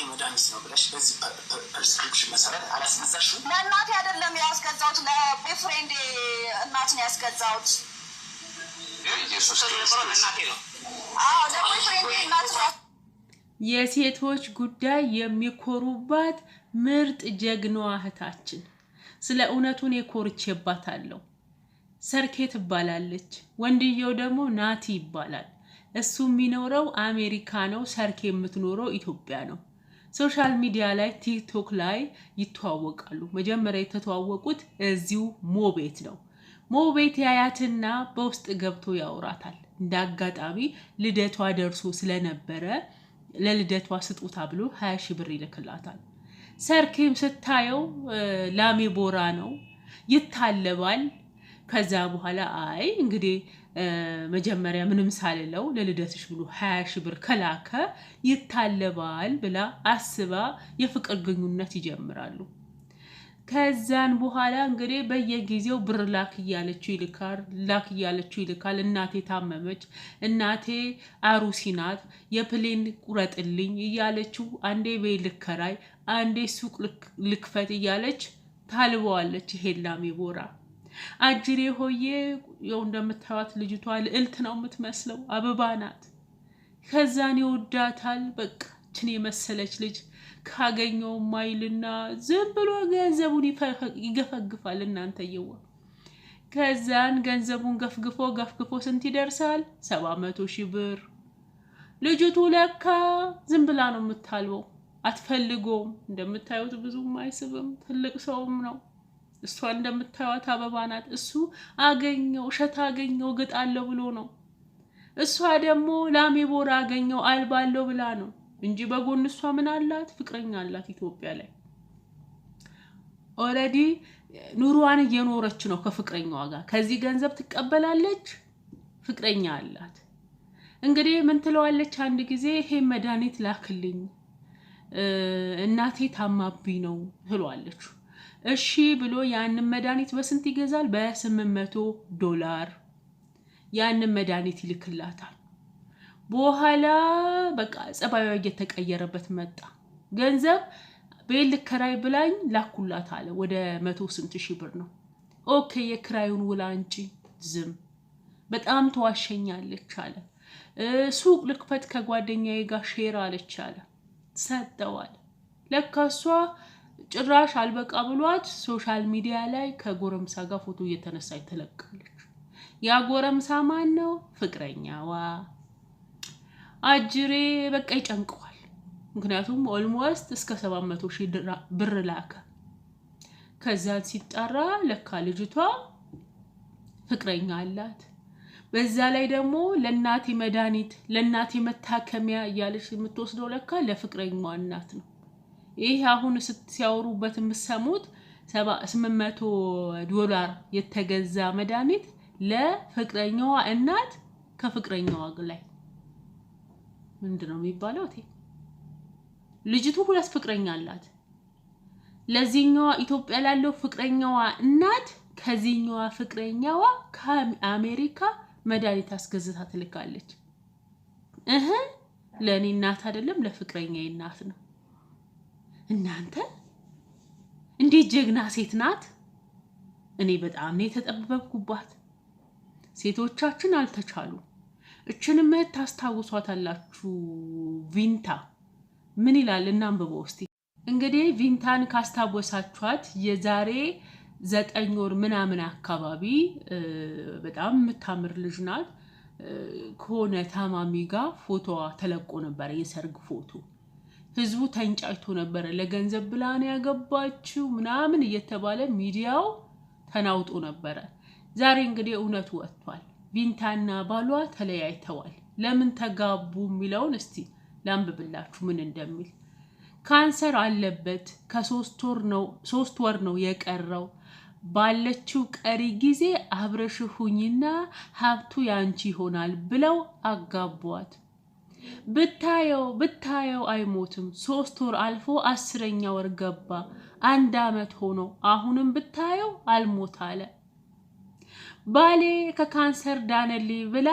ዘጠኝ መድኃኒት ነው ብለሽ በዚህ ፕሪስክሪፕሽን መሰረት አላስገዛሽ። ለእናቴ አይደለም ያስገዛሁት፣ ለቤፍሬንድ እናት ነው ያስገዛሁት። የሴቶች ጉዳይ የሚኮሩባት ምርጥ ጀግናዋ እህታችን ስለ እውነቱን የኮርቼባታለሁ። ሰርኬ ትባላለች፣ ወንድየው ደግሞ ናቲ ይባላል። እሱ የሚኖረው አሜሪካ ነው። ሰርኬ የምትኖረው ኢትዮጵያ ነው። ሶሻል ሚዲያ ላይ ቲክቶክ ላይ ይተዋወቃሉ። መጀመሪያ የተተዋወቁት እዚሁ ሞቤት ነው። ሞቤት ያያትና በውስጥ ገብቶ ያወራታል። እንደ አጋጣሚ ልደቷ ደርሶ ስለነበረ ለልደቷ ስጦታ ብሎ ሀያ ሺህ ብር ይልክላታል። ሰርኬም ስታየው ላሜ ቦራ ነው፣ ይታለባል። ከዛ በኋላ አይ እንግዲህ መጀመሪያ ምንም ሳልለው ለልደትሽ ብሎ ሀያ ሺህ ብር ከላከ ይታለባል ብላ አስባ የፍቅር ግንኙነት ይጀምራሉ። ከዛን በኋላ እንግዲህ በየጊዜው ብር ላክ እያለችው ይልካል፣ ላክ እያለችው ይልካል። እናቴ ታመመች፣ እናቴ አሩሲ ናት፣ የፕሌን ቁረጥልኝ እያለችው አንዴ ቤት ልከራይ፣ አንዴ ሱቅ ልክፈት እያለች ታልበዋለች ሄላም ቦራ አጅሬ ሆዬ ያው እንደምታዩት ልጅቷ ልዕልት ነው የምትመስለው፣ አበባ ናት። ከዛን ይወዳታል። በቃ ችን የመሰለች ልጅ ካገኘው ማይልና ዝም ብሎ ገንዘቡን ይገፈግፋል። እናንተየዋ ከዛን ገንዘቡን ገፍግፎ ገፍግፎ ስንት ይደርሳል? ሰባ መቶ ሺህ ብር። ልጅቱ ለካ ዝም ብላ ነው የምታልበው፣ አትፈልጎም። እንደምታዩት ብዙም አይስብም፣ ትልቅ ሰውም ነው። እሷ እንደምታዩት አበባ ናት። እሱ አገኘው እሸት አገኘው አለው ብሎ ነው። እሷ ደግሞ ላሜ ቦራ አገኘው አለው ብላ ነው እንጂ በጎን እሷ ምን አላት? ፍቅረኛ አላት። ኢትዮጵያ ላይ ኦልሬዲ ኑሯን እየኖረች ነው ከፍቅረኛዋ ጋር። ከዚህ ገንዘብ ትቀበላለች፣ ፍቅረኛ አላት። እንግዲህ ምን ትለዋለች? አንድ ጊዜ ይሄ መድኃኒት ላክልኝ እናቴ ታማቢ ነው ትሏለች። እሺ ብሎ ያንን መድኃኒት በስንት ይገዛል? በ800 ዶላር ያንን መድኃኒት ይልክላታል። በኋላ በቃ ጸባዩ እየተቀየረበት መጣ። ገንዘብ ቤል ክራይ ብላኝ ላኩላት አለ። ወደ መቶ ስንት ሺህ ብር ነው። ኦኬ የክራዩን ውላ አንቺ ዝም በጣም ተዋሸኛለች አለ። ሱቅ ልክፈት ከጓደኛዬ ጋር ሼር አለች አለ። ሰጠዋል ለካሷ ጭራሽ አልበቃ ብሏት ሶሻል ሚዲያ ላይ ከጎረምሳ ጋር ፎቶ እየተነሳች ትለቃለች። ያ ጎረምሳ ማን ነው? ፍቅረኛዋ። አጅሬ በቃ ይጨንቀዋል። ምክንያቱም ኦልሞስት እስከ 700 ሺህ ብር ላከ። ከዛን ሲጣራ ለካ ልጅቷ ፍቅረኛ አላት። በዛ ላይ ደግሞ ለእናቴ መድኃኒት ለእናቴ መታከሚያ እያለች የምትወስደው ለካ ለፍቅረኛዋ እናት ነው። ይህ አሁን ሲያወሩበት የምትሰሙት ስምንት መቶ ዶላር የተገዛ መድኃኒት ለፍቅረኛዋ እናት ከፍቅረኛዋ ላይ ምንድን ነው የሚባለው? ልጅቱ ሁለት ፍቅረኛ አላት። ለዚህኛዋ ኢትዮጵያ ላለው ፍቅረኛዋ እናት ከዚህኛዋ ፍቅረኛዋ ከአሜሪካ መድኃኒት አስገዝታ ትልካለች። እህ ለእኔ እናት አይደለም ለፍቅረኛ እናት ነው። እናንተ እንዴት ጀግና ሴት ናት! እኔ በጣም ነው የተጠበብኩባት። ሴቶቻችን አልተቻሉ። እችንም እህት ታስታውሷታላችሁ። ቪንታ ምን ይላል እናንብቦ እስቲ። እንግዲህ ቪንታን ካስታወሳችኋት የዛሬ ዘጠኝ ወር ምናምን አካባቢ በጣም የምታምር ልጅ ናት። ከሆነ ታማሚ ጋር ፎቶዋ ተለቆ ነበር፣ የሰርግ ፎቶ ህዝቡ ተንጫጭቶ ነበረ። ለገንዘብ ብላን ያገባችው ምናምን እየተባለ ሚዲያው ተናውጦ ነበረ። ዛሬ እንግዲህ እውነቱ ወጥቷል። ቢንታና ባሏ ተለያይተዋል። ለምን ተጋቡ የሚለውን እስቲ ላንብብላችሁ ምን እንደሚል። ካንሰር አለበት። ከሶስት ወር ነው ሶስት ወር ነው የቀረው። ባለችው ቀሪ ጊዜ አብረሽ ሁኝና ሀብቱ ያንቺ ይሆናል ብለው አጋቧት። ብታየው ብታየው አይሞትም። ሶስት ወር አልፎ አስረኛ ወር ገባ። አንድ አመት ሆኖ አሁንም ብታየው አልሞት አለ። ባሌ ከካንሰር ዳነልኝ ብላ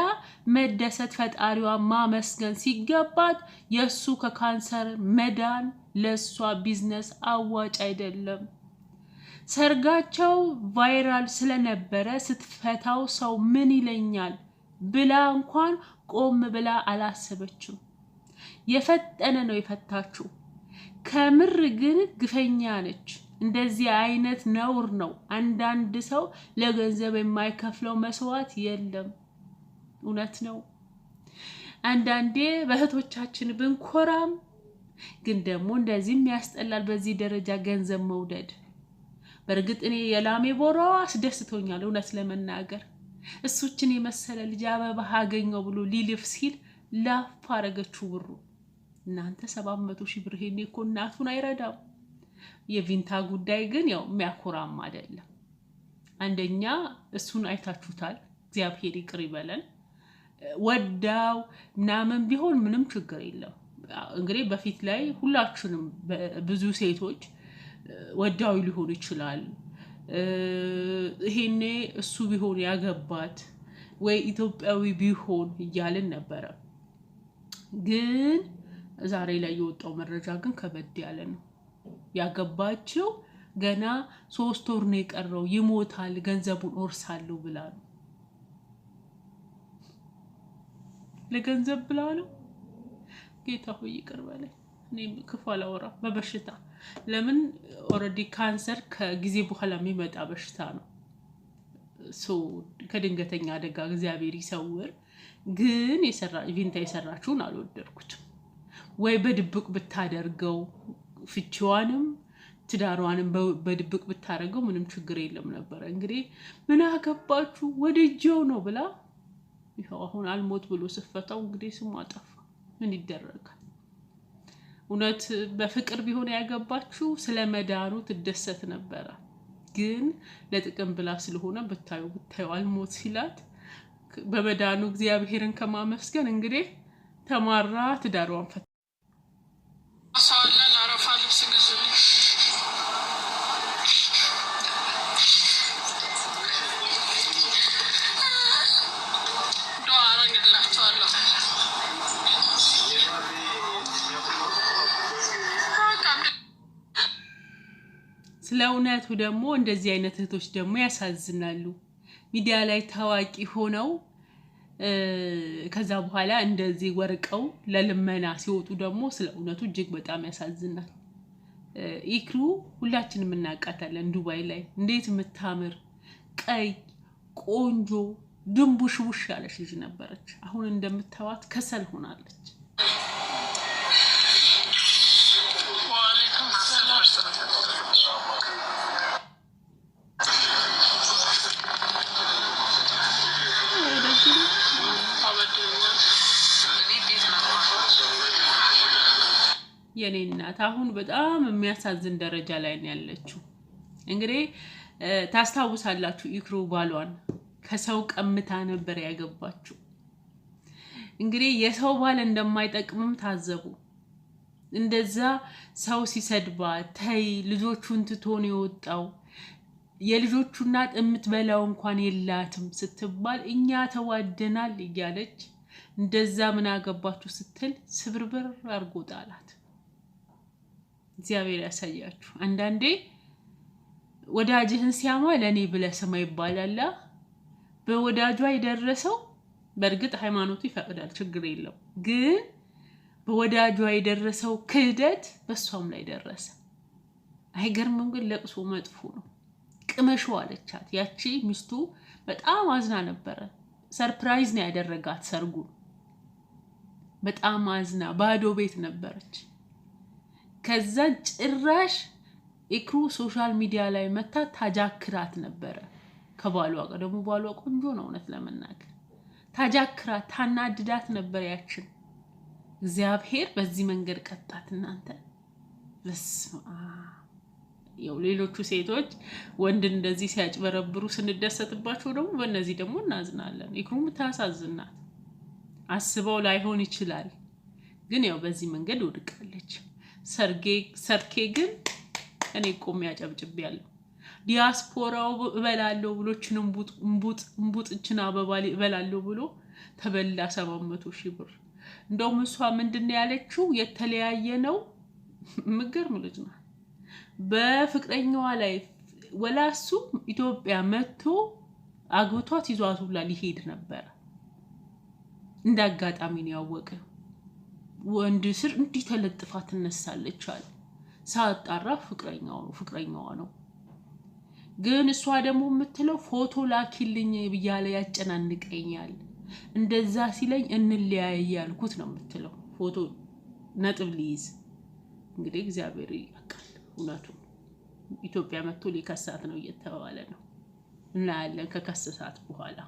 መደሰት ፈጣሪዋ ማመስገን ሲገባት የእሱ ከካንሰር መዳን ለእሷ ቢዝነስ አዋጭ አይደለም። ሰርጋቸው ቫይራል ስለነበረ ስትፈታው ሰው ምን ይለኛል ብላ እንኳን ቆም ብላ አላሰበችም። የፈጠነ ነው የፈታችው። ከምር ግን ግፈኛ ነች። እንደዚህ አይነት ነውር ነው። አንዳንድ ሰው ለገንዘብ የማይከፍለው መስዋዕት የለም። እውነት ነው። አንዳንዴ በእህቶቻችን ብንኮራም ግን ደግሞ እንደዚህም ያስጠላል። በዚህ ደረጃ ገንዘብ መውደድ። በእርግጥ እኔ የላሜ ቦራዋ አስደስቶኛል እውነት ለመናገር እሱችን የመሰለ ልጅ አበባ አገኘው ብሎ ሊልፍ ሲል ላፍ አረገችው ብሩ። እናንተ ሰባት መቶ ሺህ ብር ኮ እኮ እናቱን አይረዳም። የቪንታ ጉዳይ ግን ያው የሚያኮራም አይደለም። አንደኛ እሱን አይታችሁታል። እግዚአብሔር ይቅር ይበለን። ወዳው ምናምን ቢሆን ምንም ችግር የለም። እንግዲህ በፊት ላይ ሁላችንም ብዙ ሴቶች ወዳዊ ሊሆኑ ይችላል ይሄኔ እሱ ቢሆን ያገባት ወይ ኢትዮጵያዊ ቢሆን እያልን ነበረ። ግን ዛሬ ላይ የወጣው መረጃ ግን ከበድ ያለ ነው። ያገባችው ገና ሶስት ወር ነው የቀረው ይሞታል፣ ገንዘቡን ወርሳለሁ ብላ ነው። ለገንዘብ ብላ ነው። ጌታ ሆይ ይቅር በለኝ። እኔ ክፉ በበሽታ ለምን ኦልሬዲ ካንሰር ከጊዜ በኋላ የሚመጣ በሽታ ነው። ከድንገተኛ አደጋ እግዚአብሔር ይሰውር። ግን ቪንታ የሰራችውን አልወደድኩትም። ወይ በድብቅ ብታደርገው ፍቺዋንም ትዳሯንም በድብቅ ብታደርገው ምንም ችግር የለም ነበረ። እንግዲህ ምን አገባችሁ ወድጄው ነው ብላ ይኸው አሁን አልሞት ብሎ ስፈታው እንግዲህ ስሟ ጠፋ። ምን ይደረጋል? እውነት በፍቅር ቢሆን ያገባችሁ ስለ መዳሩ ትደሰት ነበረ። ግን ለጥቅም ብላ ስለሆነ ብታዩ ብታዩ አልሞት ሲላት በመዳኑ እግዚአብሔርን ከማመስገን እንግዲህ ተማራ ትዳሯን ፈታ። ስለ እውነቱ ደግሞ እንደዚህ አይነት እህቶች ደግሞ ያሳዝናሉ። ሚዲያ ላይ ታዋቂ ሆነው ከዛ በኋላ እንደዚህ ወርቀው ለልመና ሲወጡ ደግሞ ስለ እውነቱ እጅግ በጣም ያሳዝናል። ኢክሩ ሁላችንም እናውቃታለን። ዱባይ ላይ እንዴት የምታምር ቀይ ቆንጆ ድንቡሽቡሽ ያለች ልጅ ነበረች። አሁን እንደምታዋት ከሰል ሆናለች። የኔ እናት አሁን በጣም የሚያሳዝን ደረጃ ላይ ነው ያለችው። እንግዲህ ታስታውሳላችሁ፣ ይክሩ ባሏን ከሰው ቀምታ ነበር ያገባችው። እንግዲህ የሰው ባል እንደማይጠቅምም ታዘቡ። እንደዛ ሰው ሲሰድባ ተይ ልጆቹን ትቶን የወጣው የልጆቹ እናት የምትበላው እንኳን የላትም ስትባል እኛ ተዋደናል እያለች እንደዛ ምን አገባችሁ ስትል ስብርብር አርጎ ጣላት። እግዚአብሔር ያሳያችሁ። አንዳንዴ ወዳጅህን ሲያማ ለእኔ ብለህ ስማ ይባላል። በወዳጇ የደረሰው በእርግጥ ሃይማኖቱ ይፈቅዳል፣ ችግር የለው። ግን በወዳጇ የደረሰው ክህደት በእሷም ላይ ደረሰ። አይገርምም? ግን ለቅሶ መጥፎ ነው። ቅመሹ አለቻት። ያቺ ሚስቱ በጣም አዝና ነበረ። ሰርፕራይዝ ነው ያደረጋት ሰርጉ። በጣም አዝና ባዶ ቤት ነበረች። ከዛ ጭራሽ ኤክሩ ሶሻል ሚዲያ ላይ መታ ታጃክራት ነበረ ከባሏ ጋር። ደግሞ ባሏ ቆንጆ ነው እውነት ለመናገር ታጃክራት ታናድዳት ነበር ያችን። እግዚአብሔር በዚህ መንገድ ቀጣት። እናንተ በስመ አብ ሌሎቹ ሴቶች ወንድን እንደዚህ ሲያጭበረብሩ ስንደሰትባቸው ደግሞ በእነዚህ ደግሞ እናዝናለን። ኢክሩም ምታሳዝናት አስበው ላይሆን ይችላል፣ ግን ያው በዚህ መንገድ ወድቃለች። ሰርኬ ግን እኔ ቆሜ ያጨብጭብ ዲያስፖራው እበላለሁ ብሎ ችን እምቡጥችን አበባ እበላለሁ ብሎ ተበላ ሰባት መቶ ሺህ ብር። እንደውም እሷ ምንድን ያለችው የተለያየ ነው። የምትገርም ልጅ ናት። በፍቅረኛዋ ላይ ወላሱ ኢትዮጵያ መጥቶ አግብቷት ይዟት ሁላ ሊሄድ ነበረ። እንደ አጋጣሚ ነው ያወቀ ወንድ ስር እንዲህ ተለጥፋ ትነሳለች አለ። ሳጣራ ፍቅረኛው ነው ፍቅረኛዋ ነው። ግን እሷ ደግሞ የምትለው ፎቶ ላኪልኝ ብያለ ያጨናንቀኛል፣ እንደዛ ሲለኝ እንለያይ ያልኩት ነው የምትለው። ፎቶ ነጥብ ሊይዝ እንግዲህ እግዚአብሔር ያውቃል እውነቱን። ኢትዮጵያ መጥቶ ሊከሳት ነው እየተባለ ነው። እናያለን ከከሰሳት በኋላ